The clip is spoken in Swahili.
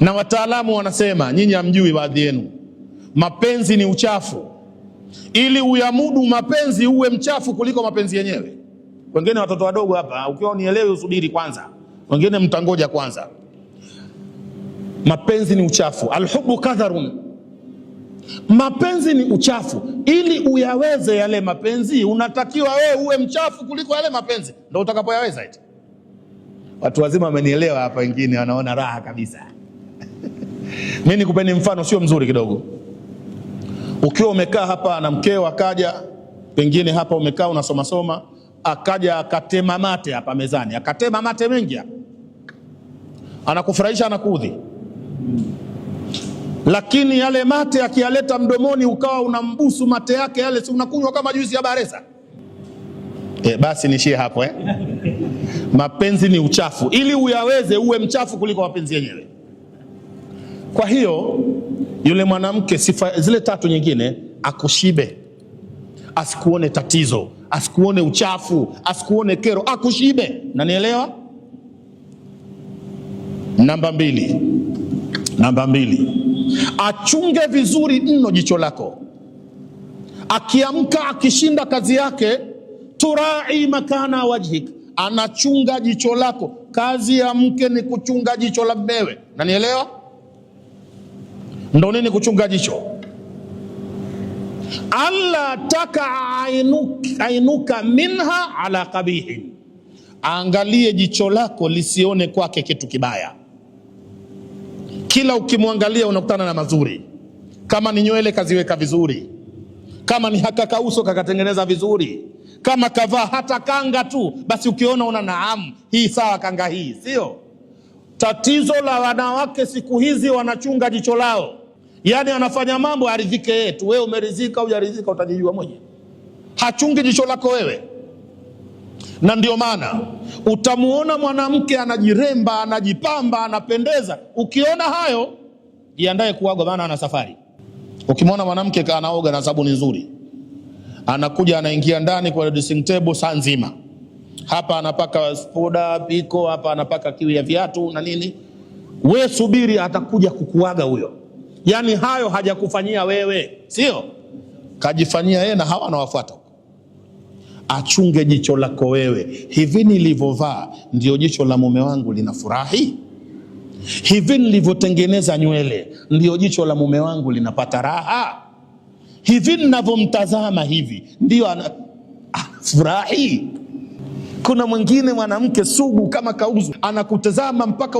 Na wataalamu wanasema, nyinyi hamjui baadhi yenu, mapenzi ni uchafu. Ili uyamudu mapenzi uwe mchafu kuliko mapenzi yenyewe. Wengine watoto wadogo hapa, ukiwa unielewi usubiri kwanza, wengine mtangoja kwanza. Mapenzi ni uchafu, alhubu kadharun, mapenzi ni uchafu. Ili uyaweze yale mapenzi, unatakiwa wewe uwe mchafu kuliko yale mapenzi, ndio utakapoyaweza. Eti watu wazima wamenielewa hapa, wengine wanaona raha kabisa. Mimi nikupeni mfano sio mzuri kidogo. Ukiwa umekaa hapa na mkeo akaja, pengine hapa umekaa unasoma soma, akaja akatema mate hapa mezani, akatema mate mengi hapa, anakufurahisha anakuudhi, lakini yale mate akiyaleta mdomoni ukawa unambusu mate yake yale, si unakunywa kama juisi ya bareza? E, basi nishie hapo eh. Mapenzi ni uchafu, ili uyaweze uwe mchafu kuliko mapenzi yenyewe. Kwa hiyo yule mwanamke, sifa zile tatu nyingine, akushibe, asikuone tatizo, asikuone uchafu, asikuone kero, akushibe. Nanielewa? Namba mbili, namba mbili, achunge vizuri mno jicho lako. Akiamka akishinda kazi yake, turai makana wajhik, anachunga jicho lako. Kazi ya mke ni kuchunga jicho la mmewe. Nanielewa? Ndo nini kuchunga jicho? alla takaa ainuka minha ala qabihin, aangalie jicho lako lisione kwake kitu kibaya. Kila ukimwangalia unakutana na mazuri. Kama ni nywele kaziweka vizuri, kama ni hakaka uso kakatengeneza vizuri, kama kavaa hata kanga tu, basi ukiona una naamu, hii sawa, kanga hii sio tatizo. La wanawake siku hizi wanachunga jicho lao Yaani anafanya mambo aridhike yetu. Wewe umeridhika au hujaridhika utajijua mwenyewe. Hachungi jicho lako wewe, na ndio maana utamuona mwanamke anajiremba, anajipamba, anapendeza. Ukiona hayo, jiandae kuagwa, maana ana safari. Ukimwona mwanamke anaoga na sabuni nzuri, anakuja anaingia ndani kwa dressing table saa nzima, hapa anapaka spoda piko, hapa anapaka kiwi ya viatu na nini, we subiri, atakuja kukuaga huyo Yaani hayo hajakufanyia wewe, sio kajifanyia yeye, na hawa anawafuata. Achunge jicho lako wewe. Hivi nilivyovaa ndio jicho la mume wangu linafurahi? Hivi nilivyotengeneza nywele ndio jicho la mume wangu linapata raha? Hivi ninavyomtazama hivi ndio anafurahi? Ah, Kuna mwingine mwanamke sugu kama kauzu, anakutazama mpaka